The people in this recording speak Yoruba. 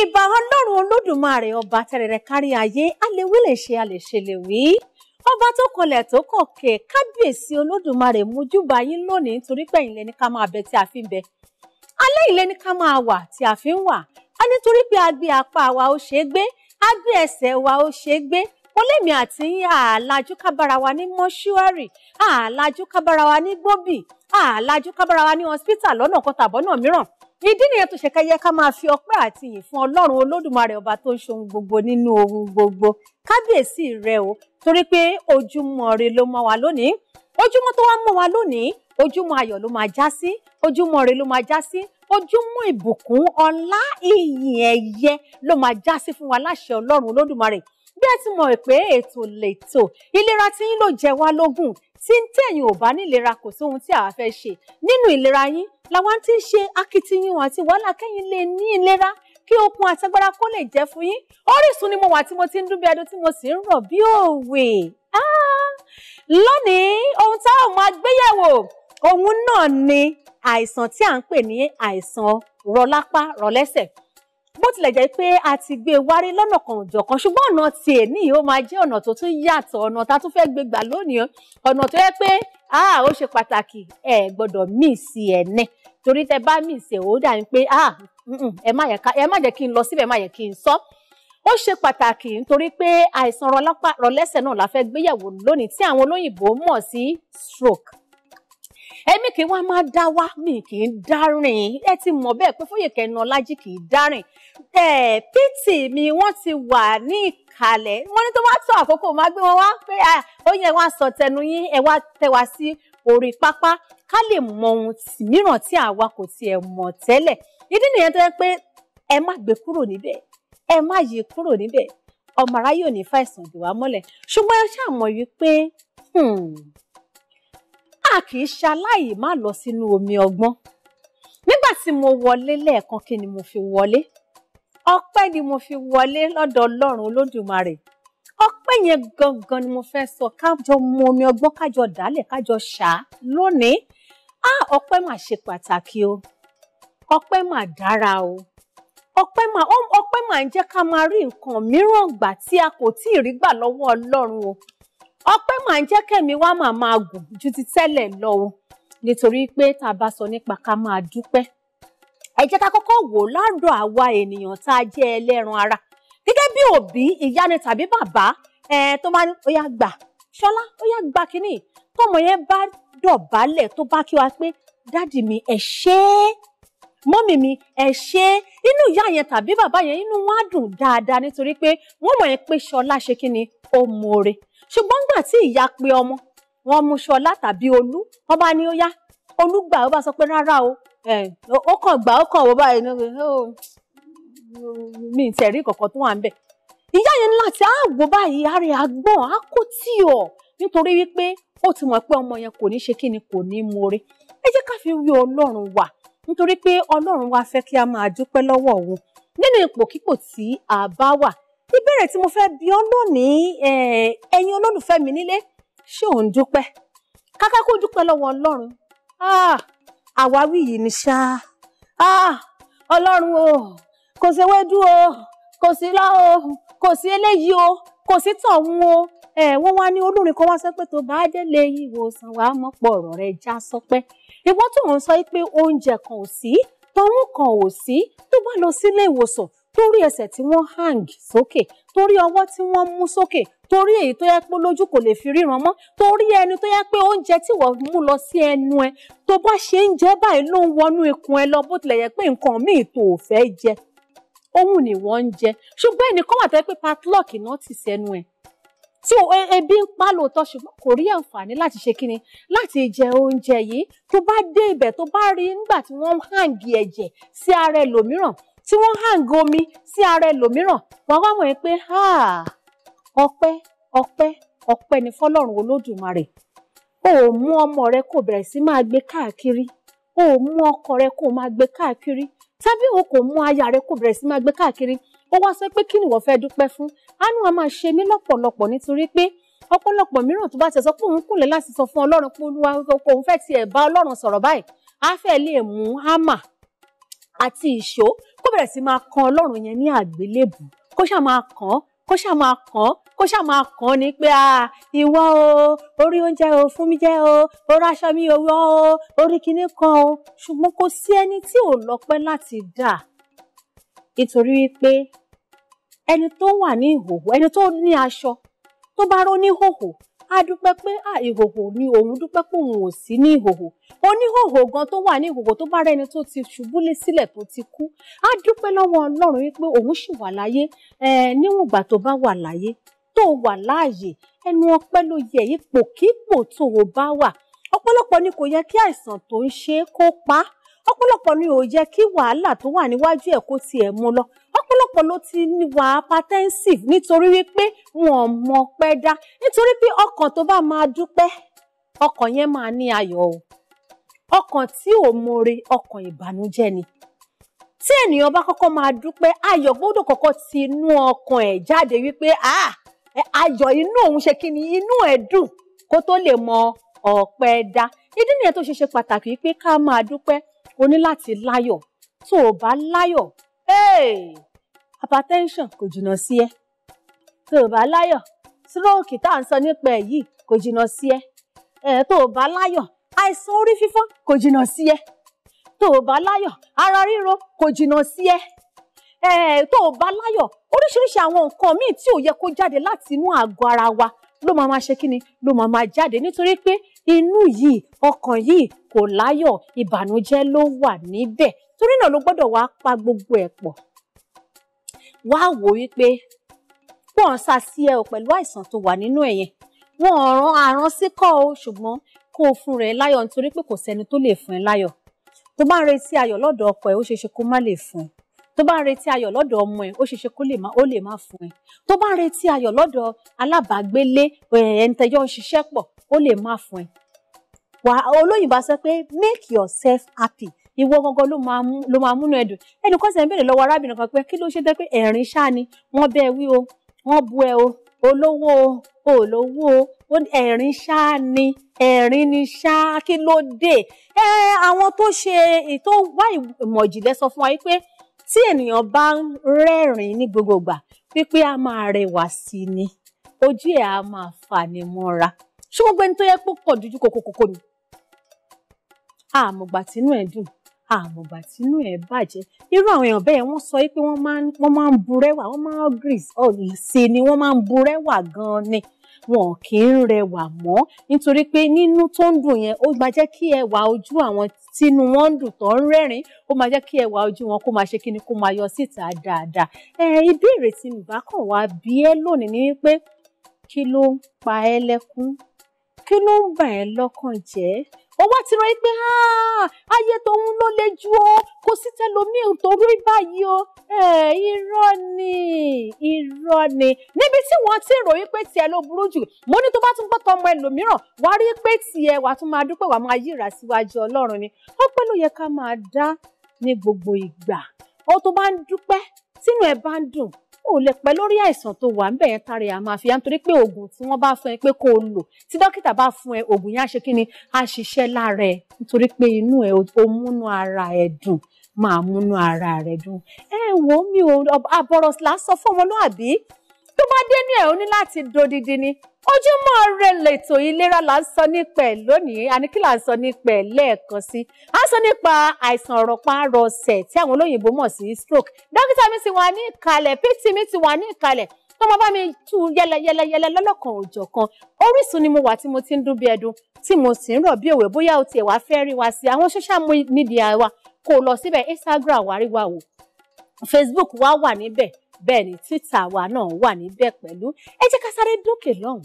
ìbà ọlọ́run olódùmarè ọba tẹrẹrẹ kárí ayé a lè wí lè ṣe a lè ṣe lè wí ọba tó kọlẹ̀ tó kọ̀ kẹ̀ kábíyèsí olódùmarè mojúbà yín lónìí nítorí pé ìlẹ̀ ní ká máa bẹ tí a fi ń bẹ alẹ́ ìlẹ̀ ní ká máa wà tí a fi ń wà á nítorí pé a gbé apá wa ó ṣe é gbé a gbé ẹsẹ̀ wa ó ṣe é gbé olémi àti àlàjú kábára wa ní mọ́ṣúárì àlàjú kábára wa ní gbóbì àlàjú kábára wa ní hospital lọ́nà kan tàbọ́nà mìíràn ìdí nìyẹn tó ṣe kẹyẹ ká máa fi ọpẹ́ àti ìyìn fún Ọlọ́run Olódùmarè ọba tó ń ṣohun gbogbo nínú ohun gbogbo kábíyèsí rẹ o torí pé ojúmọ́ rẹ ló mọ́ wa lónìí ojúmọ́ tó wá mọ́ wa lónìí ojúmọ́ ayọ̀ ló máa já sí ojúmọ́ rẹ ló máa já sí ojúmọ́ ìbùkún ọlá ìyìn ẹ̀yẹ ló máa já sí fún wa láṣẹ Ọlọ́run Olódùmarè bí ẹ ti mọ̀ pé ètò lètò ìlera tí yín ló jẹ wá lógún tí ń tẹ̀yìn ò bá nílera kò sóhun tí àwa fẹ́ ṣe nínú ìlera yín làwa ti ń ṣe akitiyan àti wàhálà kẹ́yìn lè ní ìlera kí okun àtagbára kó lè jẹ́ fún yín Orísun ni mo wà tí mo ti ń dún bí tí mo sì ń rọ̀ bí òwe ah! lónìí ohun tá a máa gbéyẹ̀wò òun náà ni àìsàn tí à ń pè ní àìsàn rọlápá rọlẹ́sẹ̀ bó tilẹ̀ jẹ́ pé a ti gbé e wárí lọ́nà kan òjọ̀kan ṣùgbọ́n ọ̀nà ti èní ó máa jẹ́ ọ̀nà tó tún yàtọ̀ ọ̀nà tá a tún fẹ́ gbé gbà lónìí ọ̀nà tó yẹ pé ó ṣe pàtàkì ẹ gbọ́dọ̀ mí sí ẹ̀ ní torí tẹ bá mí sí ẹ̀ ó dà ní pé ẹ má jẹ́ kí n lọ síbẹ̀ ẹ má jẹ́ kí n sọ ó ṣe pàtàkì nítorí pé àìsàn rọlẹ́sẹ̀ náà la fẹ́ gbéyẹ̀wò lónìí tí àwọn olóyìnbó mọ̀ sí stroke èmi kì í wá máa dá wá mi kì í dárìn ẹ ti mọ̀ bẹ́ẹ̀ pé Fóyèkẹ́ Inaọlájí kì í dárìn ẹ pítì mi wọ́n ti wà ní ìkàlẹ̀ wọ́n ní tó bá tó àkókò máa gbé wọn wá pé ó yẹ wá sọ tẹnu yín ẹ wá tẹ wá sí orí pápá ká lè mọ ohun mìíràn tí àwa kò tiẹ̀ mọ̀ tẹ́lẹ̀ ìdí nìyẹn tó yẹ pé ẹ má gbé kúrò níbẹ̀ ẹ má yí kúrò níbẹ̀ ọmọ aráyé ò ní fàìsàn dìwà mọ́lẹ̀ ṣùgbọ́n ẹ ṣáà mọ̀ wípé hmm, a kì í ṣaláì má lọ sínú omi ọgbọ́n nígbà tí mo wọlé lẹ́ẹ̀kan kí ni mo fi wọlé ọpẹ́ ni mo fi wọlé lọ́dọ̀ Ọlọ́run Olódùmarè ọpẹ́ yẹn gangan ni mo fẹ́ sọ kájọ mu omi ọgbọ́n kájọ dálẹ̀ kájọ ṣá lónìí á ọpẹ́ mà ṣe pàtàkì o ọpẹ́ mà dára o ọpẹ́ mà ọpẹ́ mà ń jẹ́ ká máa rí nǹkan mìíràn gbà tí a kò tí ì rí gbà lọ́wọ́ Ọlọ́run o ọpẹ́ máa ń jẹ́ kẹ́mi wá máa máa gùn ju ti tẹ́lẹ̀ lọ o nítorí pé tá a bá sọ nípa ká máa dúpẹ́ ẹ jẹ́ ká kọ́kọ́ wò ládùn àwa ènìyàn tá a jẹ́ ẹlẹ́ran ara gẹ́gẹ́ bí òbí ìyá ni tàbí bàbá tó máa ní ó yá gbà ṣọlá ó gbà kínní tọmọ yẹn bá dọ̀bálẹ̀ tó bá kí wa pé dáàdì mi ẹ ṣé mọ́mì mi ẹ ṣé inú ìyá yẹn tàbí bàbá yẹn inú wọn á dùn dáadáa nítorí pé wọ́n mọ̀ yẹn pé ṣọlá ṣe kí ó mọ̀ọ́re ṣùgbọ́n nígbà tí ìyá pe ọmọ wọn mú ṣọlá tàbí olú wọn bá ní ó yá olú gbà ó bá sọ pé rárá o ó kàn gbà ó kàn wọ báyìí mi ì tẹ̀rí kankan tó wà ń bẹ̀ ìyá yẹn láti á báyìí àárẹ̀ àgbọ̀n á kó tì ọ́ nítorí wípé ó ti mọ̀ pé ọmọ yẹn kò ní ṣe kí ni kò ní more ẹ jẹ́ ká fi wí ọlọ́run wà nítorí pé ọlọ́run wa fẹ́ kí a máa dúpẹ́ lọ́wọ́ òun nínú ipòkípò tí a bá wà ìbéèrè tí mo fẹ́ bi ọ́ lónìí ẹ̀yin olólùfẹ́ mi nílé ṣé ò ń dúpẹ́ káká kó dúpẹ́ lọ́wọ́ ọlọ́run ah, àwáwí yìí ni ṣá ah, ọlọ́run o kò sí ewédú o kò sí ilá o kò sí eléyìí o kò sí tọ̀hún o wọ́n wá ní olórin kan wá sọ pé tó bá délé ìwòsàn wàá mọ̀ pọ̀ ọ̀rọ̀ rẹ̀ já sọpẹ́ ìwọ́n tó ń sọ pé oúnjẹ kan ò sí tọ̀hún kan ò sí tó bá lọ sílé ìwòsàn torí ẹsẹ̀ tí wọ́n hang sókè torí ọwọ́ tí wọ́n mú sókè torí èyí tó yẹ pé lójú kò lè fi ríran mọ́ torí ẹni tó yẹ pé oúnjẹ tí wọ́n mú lọ sí ẹnu ẹ tó bá ṣe ń jẹ báyìí ló ń wọnú ikùn ẹ lọ bó tilẹ̀ yẹ pé nǹkan míì tó ò fẹ́ jẹ ohun ni wọ́n ń jẹ ṣùgbọ́n ẹnìkan wà tẹ́ pé patlock náà ti sẹ́nu ẹ̀ tí e, ebi ń pa lóòótọ́ ṣùgbọ́n kò rí àǹfààní láti ṣe kíni láti jẹ oúnjẹ yìí tó bá dé ibẹ̀ tó bá rí nígbà tí wọ́n ń hàǹgì ẹ̀jẹ̀ sí ara ẹlòmíràn tí wọ́n hàǹgì gomi sí ara ẹlòmíràn wàá wá mọ̀ ẹ́ pé ah, ọpẹ́ ọpẹ́ ọpẹ́ ni fọlọ́run olódùmarè o ò mú ọmọ rẹ kó bẹ̀rẹ̀ sí máa gbé káàkiri o ò mú ọkọ rẹ kó máa gbé káàkiri tàbí o kò mú aya rẹ kó bẹ̀rẹ̀ sí máa gbé káàkiri ó wá sọ pé kí ni wọ́n fẹ́ dúpẹ́ fún àánú a máa ṣe mí lọ́pọ̀lọpọ̀ nítorí pé ọ̀pọ̀lọpọ̀ mìíràn tó bá ti sọ pé òun kùnlẹ̀ láti sọ fún Ọlọ́run pé Olúwa òun fẹ́ tiẹ̀ bá Ọlọ́run sọ̀rọ̀ báyìí á fẹ́ lè mú hámà àti ìṣó bẹ̀rẹ̀ sí máa kan ọlọ́run yẹn ní àgbélébù kó ṣáà máa kàn án kó ṣáà máa kàn án kó ṣáà máa kàn án ni pé a ìwọ o orí oúnjẹ o fún mi jẹ o orí aṣọ mi òwò o orí kinní kan o ṣùgbọ́n kò sí ẹni tí ò lọ́pẹ́ láti dà nítorí wípé ẹni tó wà ní ìhòòhò ẹni tó ní aṣọ tó bá ró ní hòhò á dúpẹ́ pé à ìhòhò ni òun dúpẹ́ pé òun ò sí ní ìhòhò oníhòhò gan tó wà ní ìhòhò tó bá rẹni tó ti ṣubúlé sílẹ̀ tó ti kú á dúpẹ́ lọ́wọ́ Ọlọ́run wípé òun ṣì wà láyé níwọ̀n ìgbà tó bá wà láyé tó wà láàyè ẹnu ọpẹ́ ló yẹ ipò kípò tó o bá wà ọ̀pọ̀lọpọ̀ ni kò yẹ kí àìsàn tó ń ṣe é kó pa á ọ̀pọ̀lọpọ̀ ni ò yẹ kí wàhálà tó wà níwájú ẹ̀ kó tiẹ̀ mú lọ ọ̀pọ̀lọpọ̀ ló ti wà hypertensive nítorí wípé wọn ò mọ pẹ́ dá nítorí pé ọkàn tó bá máa dúpẹ́ ọkàn yẹn máa ní ayọ̀ o ọkàn tí ò mọre ọkàn ìbànújẹ́ ni tí ènìyàn bá kọ́kọ́ máa dúpẹ́ ayọ̀ gbọ́dọ̀ kọ́kọ́ ti inú ọkàn ẹ̀ jáde wípé ah ayọ̀ inú òun ṣe kí ni inú ẹ̀ dùn kó tó lè mọ ọpẹ́ dá ìdí nìyẹn tó ṣe ṣe pàtàkì pé ká máa dúpẹ́ o ní láti láyọ̀ tó o bá láyọ̀ hypertension kò jìnnà sí ẹ tó o bá láyọ̀ síróòkì tá à ń sọ nípa ẹ̀ yìí kò jìnnà sí ẹ ẹ tó o bá láyọ̀ àìsàn orí fífọ́ kò jìnnà sí ẹ tó o bá láyọ̀ ara ríro kò jìnnà sí ẹ tó o bá láyọ̀ oríṣiríṣi àwọn nǹkan míì tí ò yẹ kó jáde láti inú àgọ́ ara wa ló máa máa ṣe kí ni ló máa máa jáde nítorí pé inú yìí ọkàn yìí kò láyọ̀ ìbànújẹ́ ló wà níbẹ̀ torí náà ló gbọ́dọ̀ wá pa gbogbo ẹ̀ pọ̀ wá wò wípé wọ́n sá sí ẹ o pẹ̀lú àìsàn tó wà nínú ẹ yẹn wọ́n rán aràn sí kọ́ o ṣùgbọ́n kó o fún rẹ láyọ̀ nítorí pé kò sẹ́ni tó lè fún ẹ láyọ̀ tó bá ń retí ayọ̀ lọ́dọ̀ ọkọ ẹ ó ṣeéṣe kó má lè fún ẹ tó bá ń retí ayọ̀ lọ́dọ̀ ọmọ ẹ̀ ó ṣe ṣe kó lè má ó lè má fún ẹ tó bá ń retí ayọ̀ lọ́dọ̀ alábàágbélé ẹ̀ẹ́ntẹ́jọ́ ṣiṣẹ́ pọ̀ ó lè má fún ẹ. wà olóyìnbó sọ pé make yourself happy ìwọ gangan ló máa mú ló máa múnú ẹdùn ẹnìkan sì ń béèrè lọ́wọ́ arábìnrin kan pé kí ló ṣe dé pé ẹ̀rín ṣáà ni wọ́n bẹ́ ẹ wí o wọ́n bu ẹ o olówó o olówó o ẹ̀rín ṣáà ẹ̀rín ni ṣáà kí ló dé ẹ àwọn tó ṣe tó wá ìmọ̀ ìjìnlẹ̀ sọ fún wa yìí pé tí ènìyàn bá ń rẹ́rìn ní gbogbo ìgbà pípé a máa rẹwà sí ni ojú ẹ̀ á máa fani mọ́ra ṣé gbogbo ẹni tó yẹ pé pọ̀ dojú kokokoko ni àmọ̀gbà tínú ẹ̀ dùn àmọ̀gbà tínú ẹ̀ bàjẹ́ irú àwọn èèyàn bẹ́ẹ̀ wọ́n sọ pé wọ́n máa ń burẹ́wà wọ́n máa ń gírísì sí ni wọ́n máa ń burẹ́wà gan-an ni wọn kì í rẹwà mọ́ nítorí pé nínú tó ń dùn yẹn ó máa jẹ́ kí ẹwà ojú àwọn tínú wọn ń dùn tó ń rẹ́rìn ó máa jẹ́ kí ẹwà ojú wọn kó máa ṣe kíni kó máa yọ síta dáadáa. ẹ ìbéèrè tí mi bá kàn wá bí ẹ lónìí ni pé kí ló ń pa ẹ́ lẹ́kún kí ló ń bà ẹ́ lọ́kàn jẹ́ ó wá ti rọ pé ah, ayé tòun ló le jù ó kò sí tẹlómi ò tó rí báyìí o eh, irọ́ ni irọ́ ni níbi tí wọ́n ti ròyìn pé tiẹ̀ ló burú jù mo ní tó bá tún gbọ́ tọmọ ẹlòmíràn wá rí pé tiẹ̀ wà tún máa dúpẹ́ wà máa yíra síwájú ọlọ́run ni ó pẹ́ ló yẹ ká máa dá ní gbogbo ìgbà ó tó bá ń dúpẹ́ tínú ẹ̀ bá ń dùn ò lè pẹ́ lórí àìsàn tó wà ńbẹ̀ yẹn tari àmọ́ àfihàn nítorí pé oògùn tí wọ́n bá fún ẹ pé kó o lò tí dókítà bá fún ẹ oògùn yẹn á ṣe kí ni á ṣiṣẹ́ lára ẹ nítorí pé inú ẹ o múnú ara ẹ dùn máa múnú ara rẹ dùn ẹ wò mí o àbọ̀rọ̀ là ń sọ fún ọmọlúàbí tó bá dénú ẹ̀ ó ní láti dodidi ni ojúmọ́ ire lètò ìlera là ń sọ nípa ẹ̀ lónìí àníkí là ń sọ nípa ẹ̀ lẹ́ẹ̀kan sí a sọ nípa àìsàn rọpárọsẹ̀ tí àwọn olóyìnbó mọ̀ sí stroke dókítà mi ti wà ní ìkàlẹ̀ pt mi ti wà ní ìkàlẹ̀ tọmọ bá mi tú yẹlẹyẹlẹyẹlẹ lọ́lọ́kan òjọ̀kan Orísun ni mo wà tí mo ti ń dún bí ẹdun tí mo sì ń rọ̀ bí òwe bóyá o tiẹ̀ wá fẹ́ rí wa sí àwọn social media wa kò lọ síbẹ̀ Instagram wà rí wa wò Facebook wa wà níbẹ̀ bẹ́ẹ̀ ni twitter wa náà wà níbẹ̀ pẹ̀lú ẹ jẹ́ ká sáré dókè lọ́hùn